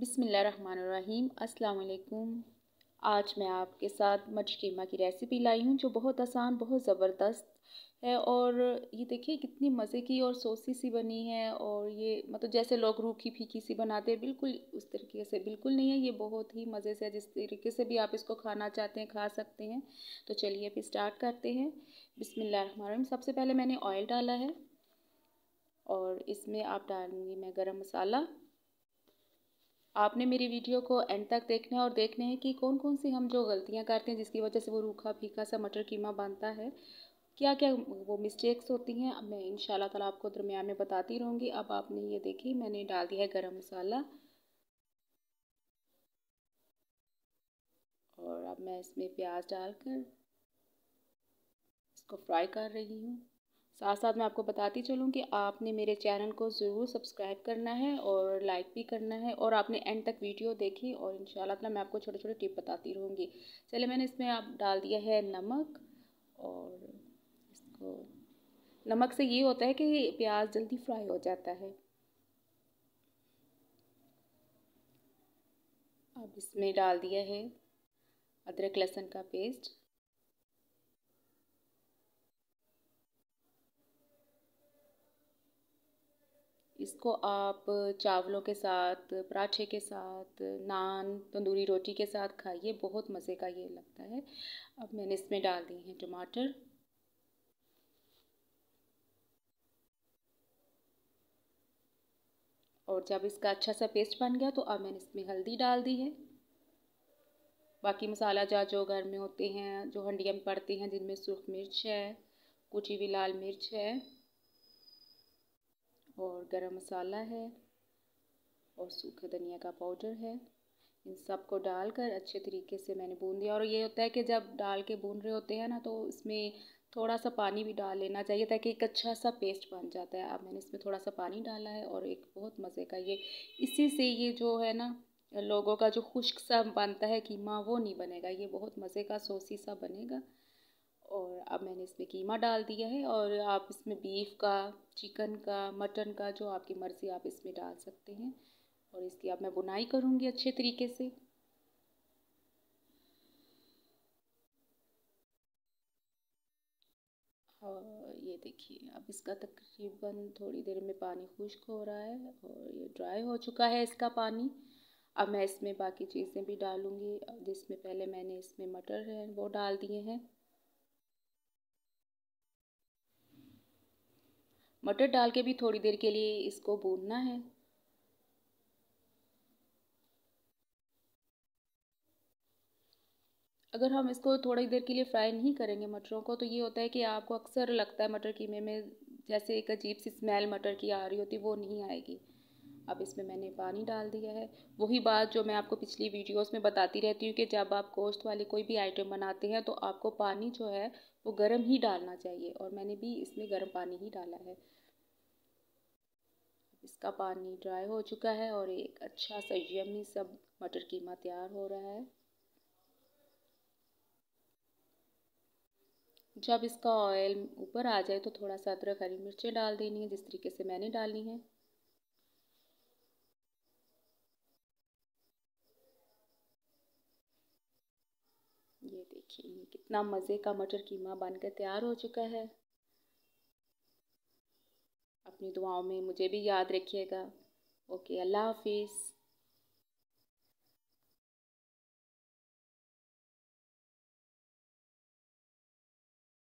बिसमीम् अल्लाम आज मैं आपके साथ मच कीमा की रेसिपी लाई हूँ जो बहुत आसान बहुत ज़बरदस्त है और ये देखिए कितनी मज़े की और सोसी सी बनी है और ये मतलब जैसे लोग रूखी फीकी सी बनाते हैं बिल्कुल उस तरीके से बिल्कुल नहीं है ये बहुत ही मज़े से जिस तरीके से भी आप इसको खाना चाहते हैं खा सकते हैं तो चलिए फिर स्टार्ट करते हैं बिसमीम सबसे पहले मैंने ऑयल डाला है और इसमें आप डालेंगी मैं गरम मसाला आपने मेरी वीडियो को एंड तक देखना है और देखना है कि कौन कौन सी हम जो गलतियां करते हैं जिसकी वजह से वो रूखा फीका सा मटर कीमा बनता है क्या क्या वो मिस्टेक्स होती हैं अब मैं इन ताला आपको दरमियान में बताती रहूँगी अब आपने ये देखी मैंने डाल दिया है गर्म मसाला और अब मैं इसमें प्याज डालकर इसको फ्राई कर रही हूँ साथ साथ मैं आपको बताती चलूँ कि आपने मेरे चैनल को ज़रूर सब्सक्राइब करना है और लाइक भी करना है और आपने एंड तक वीडियो देखी और इन अपना मैं आपको छोटे छोटे टिप बताती रहूँगी चलिए मैंने इसमें आप डाल दिया है नमक और इसको नमक से ये होता है कि प्याज जल्दी फ्राई हो जाता है अब इसमें डाल दिया है अदरक लहसुन का पेस्ट इसको आप चावलों के साथ पराठे के साथ नान तंदूरी रोटी के साथ खाइए बहुत मज़े का ये लगता है अब मैंने इसमें डाल दिए हैं टमाटर और जब इसका अच्छा सा पेस्ट बन गया तो अब मैंने इसमें हल्दी डाल दी है बाकी मसाला जा जो घर में होते हैं जो हंडिया में पड़ते हैं जिनमें सूख मिर्च है कुटी हुई लाल मिर्च है और गरम मसाला है और सूखे धनिया का पाउडर है इन सब को डालकर अच्छे तरीके से मैंने भून दिया और ये होता है कि जब डाल के भून रहे होते हैं ना तो इसमें थोड़ा सा पानी भी डाल लेना चाहिए ताकि एक अच्छा सा पेस्ट बन जाता है अब मैंने इसमें थोड़ा सा पानी डाला है और एक बहुत मज़े का ये इसी से ये जो है ना लोगों का जो खुश्क सा बनता है कीमा वो नहीं बनेगा ये बहुत मज़े का सोसी सा बनेगा और अब मैंने इसमें कीमा डाल दिया है और आप इसमें बीफ का चिकन का मटन का जो आपकी मर्ज़ी आप इसमें डाल सकते हैं और इसकी अब मैं बुनाई करूँगी अच्छे तरीके से और ये देखिए अब इसका तकरीबन थोड़ी देर में पानी खुश्क हो रहा है और ये ड्राई हो चुका है इसका पानी अब मैं इसमें बाकी चीज़ें भी डालूँगी जिसमें पहले मैंने इसमें मटर है वो डाल दिए हैं मटर डाल के भी थोड़ी देर के लिए इसको भूनना है अगर हम इसको थोड़ी देर के लिए फ्राई नहीं करेंगे मटरों को तो ये होता है कि आपको अक्सर लगता है मटर कीमे में जैसे एक अजीब सी स्मेल मटर की आ रही होती वो नहीं आएगी अब इसमें मैंने पानी डाल दिया है वही बात जो मैं आपको पिछली वीडियोस में बताती रहती हूँ कि जब आप गोश्त वाले कोई भी आइटम बनाते हैं तो आपको पानी जो है वो गर्म ही डालना चाहिए और मैंने भी इसमें गर्म पानी ही डाला है इसका पानी ड्राई हो चुका है और एक अच्छा सा यमी सब मटर कीमा तैयार हो रहा है जब इसका ऑयल ऊपर आ जाए तो थोड़ा सा अदरक हरी मिर्चें डाल देनी है जिस तरीके से मैंने डाली है ये देखिए कितना मज़े का मटर कीमा बनकर तैयार हो चुका है अपनी दुआओं में मुझे भी याद रखिएगा ओके अल्लाह हाफिज़